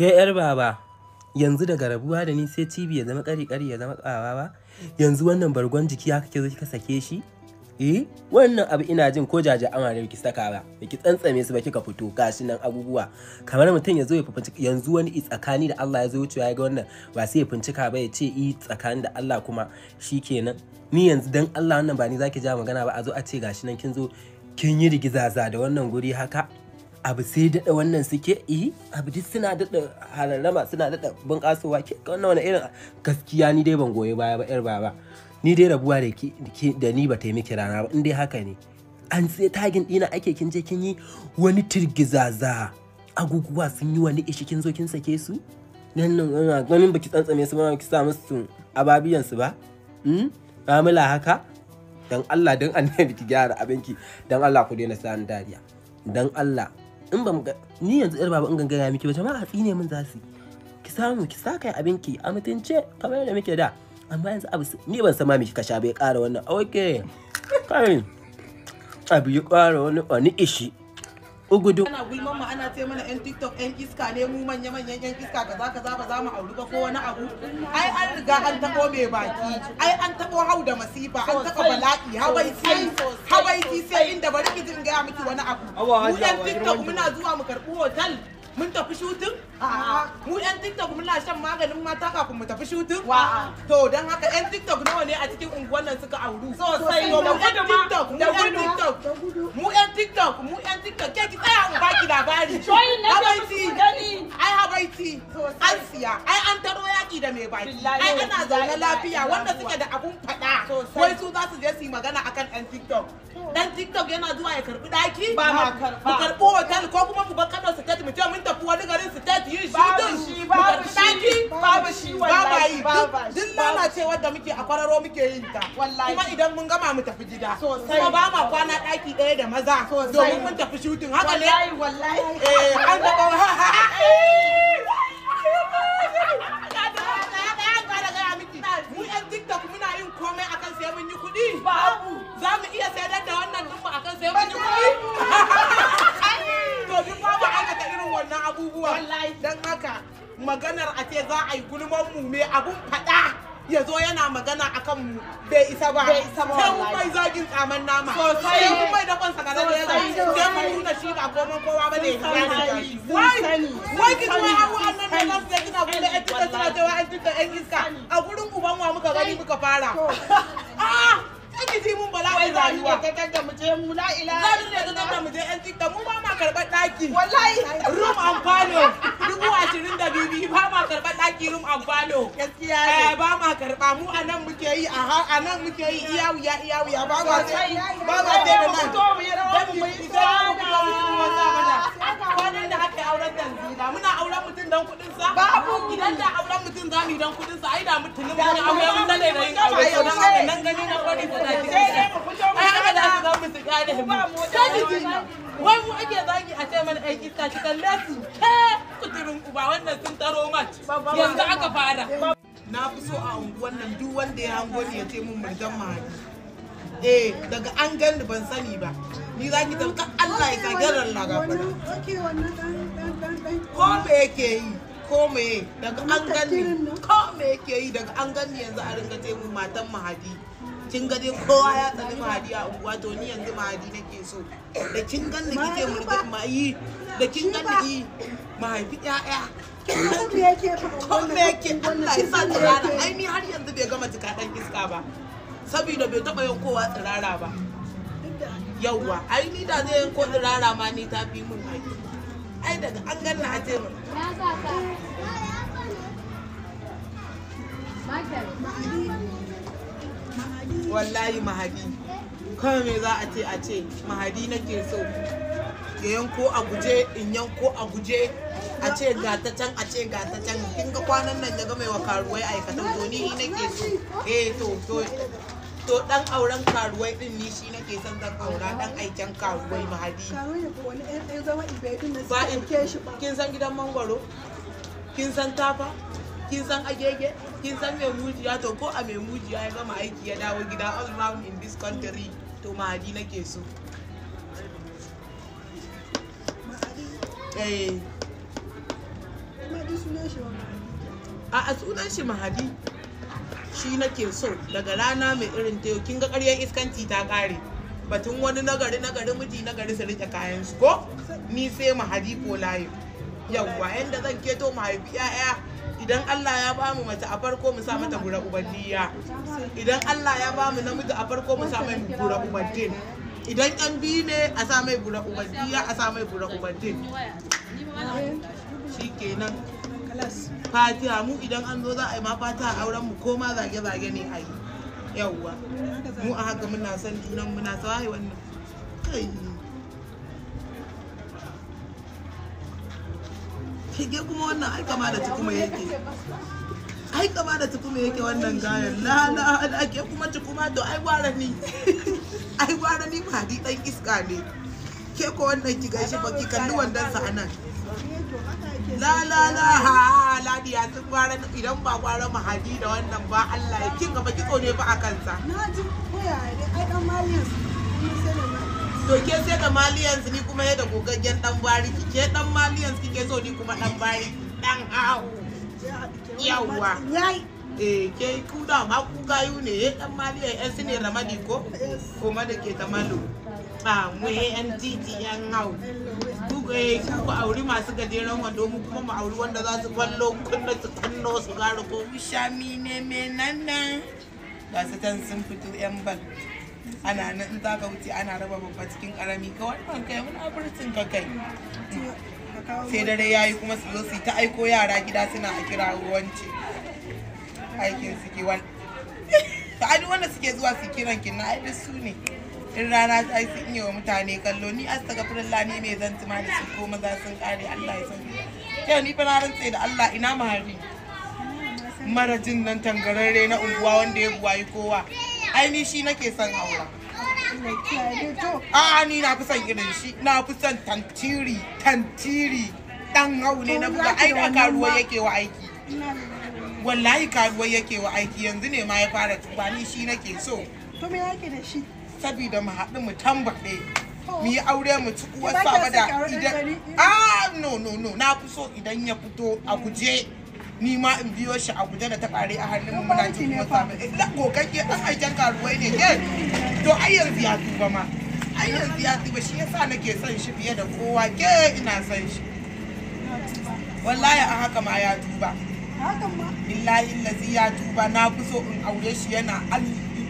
Ke ‘yar baba, yanzu daga rabuwa da ni sai cibi ya zama kari kari ya zama ba Yanzu wannan bargon jiki haka ke zo kika sake shi? Eh, wannan abu ina jin ko jaja amare ki saka ba, biki tsantsame su ba kika fito gashi nan abubuwa. Kamar mutum ya zo ya fincika yanzu wani i tsakani da Allah ya zo wucewa ya ga wannan ba sai ya fincika ba ya ce i tsakani da Allah kuma shikenan. Ni yanzu dan Allah wannan ba ni zaki ja magana ba a zo a ce gashi nan kin zo kin yi rigizaza da wannan guri haka. abu sai daɗa wannan suke yi eh, abu duk suna daɗa halarama suna daɗa bunƙasowa ke wannan wani irin gaskiya ni dai ban goyi baya ba yar baba ni dai rabuwa da ke da ni ba ta yi miki rana ba in dai haka ne an sai tagin ɗina ake kin je kin yi wani tirgizaza aguguwa sun yi wani ishi kin zo kin sake su nan nan ganin baki tsantsame su ba ki sa musu ababiyan su ba mamula hmm? haka dan Allah dan annabi ki gyara abinki dan Allah ku daina sa dariya dan Allah in ba ga ni yanzu yar baba in ya miki ba jama'a tsine ne za su ki samu ki saka kai abin ki a mutunce kamar da muke da amma yanzu abu ni ban san ma miki kika sha bai kara wannan okay kai abu ya kara wani wani ishi ugudu ana gulman mu ana ce mana yan tiktok yan iska ne mu manya manyan yan iska kaza kaza ba za mu auri ba ko wani abu ai an riga an tabo mai baki ai an tabo hau da masifa an taba bala'i habaiti habaiti sai inda bari ki gaya miki wani abu mu yan tiktok muna zuwa mu karɓi hotel mun tafi shooting? Mu 'yan TikTok muna shan maganin mata kafin mu tafi shooting? To don haka 'yan TikTok nawa ne a cikin unguwan nan suka auru. Sosai da gudu TikTok, mu 'yan TikTok. Mu 'yan TikTok, mu 'yan TikTok. Ke ki tsaya in baki labari. Habaiti. Ai habaiti. An siya. Ai an taro yaki da mai baki. Ai ana zaune lafiya wanda suke da abun faɗa. wai su za su je su yi magana akan ɗan tiktok ɗan tiktok yana zuwa ya karɓi ɗaki ba ma karɓa mu karɓi hotel ko kuma mu bar kano state mu ce mun tafi wani garin state yin shooting mu karɓi ɗaki babu shi wallahi ba yi duk lalacewar da muke a kwararo muke yin ta kuma idan mun gama mu tafi gida kuma ba ma kwana ɗaki ɗaya da maza domin mun tafi shooting haka ne wallahi wallahi eh an taɓa babu za mu iya sayar da wannan din mu akan sai mun kuɗi to duk babu aka ta irin wannan abubuwa dan haka maganar a ce za a yi gulman mu me abun faɗa ya zo yana magana a kan mu bai isa ba sai mun mai zagin tsaman nama sai mun mai dakon sa gare da yanzu sai mun nuna shi ba komai kowa ba ne ya zagi wai wai ki kuma abu annan ne nan sai kina bude ƴan tuta suna cewa ƴan tuta ƴan iska a gurin uban wa muka gani muka fara mu ta da mu je mu la ila. illallah za ta da mu je yan tikka mu ba ma karɓar ɗaki wallahi room and palo dubu ashirin da bibi ba ma karɓar ɗaki room and palo gaskiya ne eh, ba ma karɓa mu a nan muke yi a nan muke yi iya wuya iya wuya ba ma sai ba ma sai da nan to mu yi rawa mu yi kwanan da aka yi auren danzila muna auren mutum don kuɗin sa babu idan da auren mutum za mu yi don kuɗin sa ai da mutumin mun aure mun zale da yin aure to dan nan gani na kwari da alaihi ta wai mu ake a ce mana aiki kalle su uba wannan sun taro yanzu aka na fi so a unguwan nan duk wanda ya hango ni ya ce mun mahadi eh daga an gani ban sani ba ni za ki tauka Allah ya kagarar lagabana ko me yake yi ko me daga an ko me yake yi daga an gani yanzu a ringa ce mun matan mahadi kin ga dai kowa ya tsani mahadi a unguwa to ni yanzu mahadi nake so da kin gan ni kike murga mai da kin gan ni eh, mahaifi ƴaƴa kon me yake Allah ya sa tsirara ai ni har yanzu bai gama jika dan iska ba saboda bai taba yin kowa tsirara ba yawwa ai ni da zai yanko tsirara ma ni ta fi mun ai ai daga an gan a ce mun Michael. wallahi mahadi kawai me za a ce a ce mahadi nake so ya yanko a guje in yanko a guje a ce ga ta can a ce ga ta can kin ga kwanan nan ya mai wa karuwai aikatan to ni nake so eh to to to dan auren karuwai din ni shi nake son zan aura dan aiken karuwai mahadi ba in kin san gidan mangwaro kin san tafa kin san agege kin san mai mujiya to ko a mai mujiya ya gama aiki ya dawo gida all round in this country to mahadi nake so eh a sunan shi mahadi shi nake so daga rana mai irin ta kin ga ƙaryar iskanci ta ƙare batun wani nagari nagari miji nagari su rike kayan su ko ni sai mahadi ko yau yawwa yanda zan keto mahaifi 'ya'ya idan Allah ya ba mu mace a farko mu sa mata gura ubadiyya idan Allah ya ba mu namiji a farko mu sa mai gura ubadin idan yan biyu ne a sa mai gura ubadiyya a sa mai gura ubadin kenan fatiha mu idan an zo za a yi ma fatiha auren mu ko ma zage-zage ne a yi yawwa mu a haka muna san junan muna sawaye wannan kai ke kuma wannan ai kama da tukuma yake ai kama da tukuma yake wannan gayan la la la ke kuma tukuma to ai gwara ni ai gwara ni ba di dan iska ne ke ko wannan ki gaishe ba ki kalli wannan sa anan la la la ha la di ya tun gwara idan ba gwara mahadi da wannan ba Allah ya kin gaba ki tsone ba a kansa na ji koyare ai dan maliyar to ke sai da maliyan ni kuma ya da gogaggen dan ki ke dan maliyan kike so ni kuma dan bari dan hawo yawwa eh ke ku da ma ku yu ne eh, dan maliyan yan eh, su ne ramadi ko ma da ke tamalo ba mu yan titi yan hawo ku ga eh, ku auri masu gajeren wando mu kuma mu auri wanda za su kwallo kunna su kanno su gara ko mi ne me nan nan ga su tan sun fito yan bal ana nan in za ka wuce ana raba babba cikin karami ka wani kai wani abincin ka kai sai dare ya yi kuma su zo su yi ta aiko yara gida suna a kira ruwanci aikin suke wani ta adi wanda suke zuwa su kiran kin na aiki su ne in rana ta yi sun yi wa mutane kallo ni astagfirullah ni mai zan tuma da su ko maza sun kare Allah ya san yau ni fa na da Allah ina mahari marajin nan tangararre na unguwa wanda ya buwayi kowa ai ni shi nake son haura A'a ni na fi son irin shi na fi son tantiri tantiri dan hau ne na buga ai da karuwa yake wa aiki wallahi karuwa yake wa aiki yanzu ne ma ya fara tuba ni shi nake so to me yake da shi saboda mu haɗu mu tambaɗe mu yi aure mu ci uwar idan ah no no no na fi so idan ya fito a guje ni ma in biyo shi a guje da ta kare a hannun mu muna jin kuma samu illa kokakke dan aikin karuwai ne ke eh. to ai yanzu ya duba ma ai yanzu ya tuba shi yasa nake son shi fiye da kowa ke ina son shi wallahi a haka ma ya duba billahi lazi ya duba na fi in aure shi yana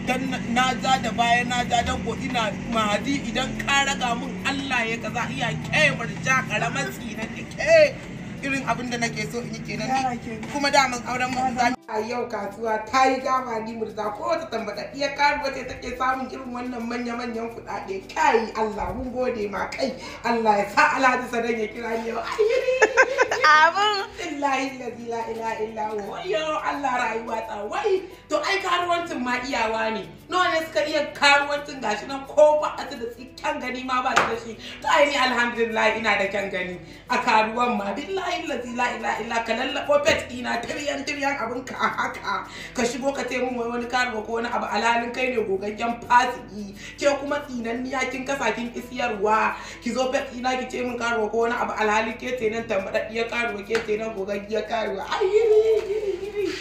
dan na ja da baya na ja da ko ina mahadi idan ka raga mun Allah ya kaza iya ke murja karamar tsinan ke irin abin da nake so in yi kenan kuma mun auren mu za a yau kasuwa ta yi gama ni murza ko ta tambata iya karuwa ce take samun irin wannan manya-manyan kuɗaɗe kai Allah mun gode ma kai Allah ya sa Alhaji Sadan ya kira ni yau ayyuri Amin. Illahi la ila illa wayo Allah rayuwa tsawai. To ai karuwancin ma iyawa ne. Nawa ne suka iya karuwancin gashi nan ko ba a da kyan gani ma ba da shi. To ai ni alhamdulillah ina da kyan gani. A karuwan ma billahi lazi la ila illa ka pet ina tiryan tiryan abin ka haka. Ka shigo ka taimu wai wani karuwa ko wani abu kai ne gogaggen fasiki. Ke kuma tsinanniya kin kasa kin isiyarwa. Ki zo pet ina ki ce karuwa ko wani abu ke karuwa ke ce nan gogaggiya karuwa ai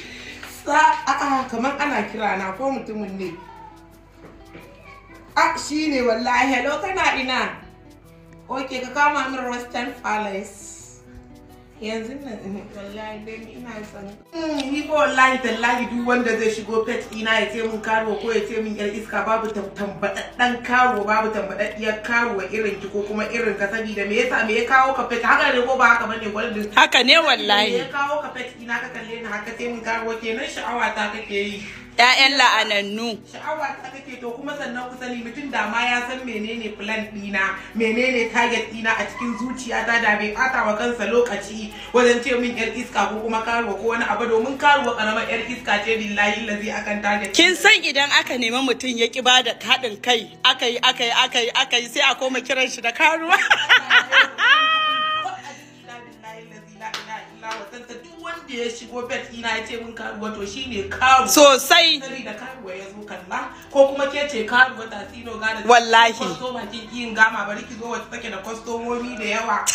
sa a kamar ana kira na ko mutumin ne a shine wallahi hello kana ina oke ka kama min western palace yanzu nan eh, wallahi baby ina son mm, ni ko wallahi tallahi duk wanda zai shigo pet ina ya ce mun karo ko ya ce mun yar iska babu tambadaddan karo babu tambadaddiyar karo wa irin ki ko kuma irin ka saboda me yasa me ya kawo ka pet haka ne ko ba haka bane gwaldin haka ne wallahi me ya kawo ka pet ina ka kalle ni haka ce mun karo kenan sha'awa ta kake yi 'ya'yan la'anannu sha'awa ta kake to kuma sannan ku sani mutum da ma ya san menene plan dina menene target dina a cikin zuciya ta da bai bata wa kansa lokaci wajen ce min yar iska ko kuma karuwa ko wani abu domin karuwa karamar yar iska ce billahi lazi akan target kin san idan aka nemi mutum ya ki da haɗin kai aka yi aka yi aka yi aka yi sai a koma kiran shi da karuwa da ya shigo bet ina ya ce mun karuwa to shine karuwa sosai saboda karuwa ya zo kalla ko kuma ke ce karuwa ta sino gane wallahi kwastomakin yin gama bari ki zo wacce take da kwastomomi da yawa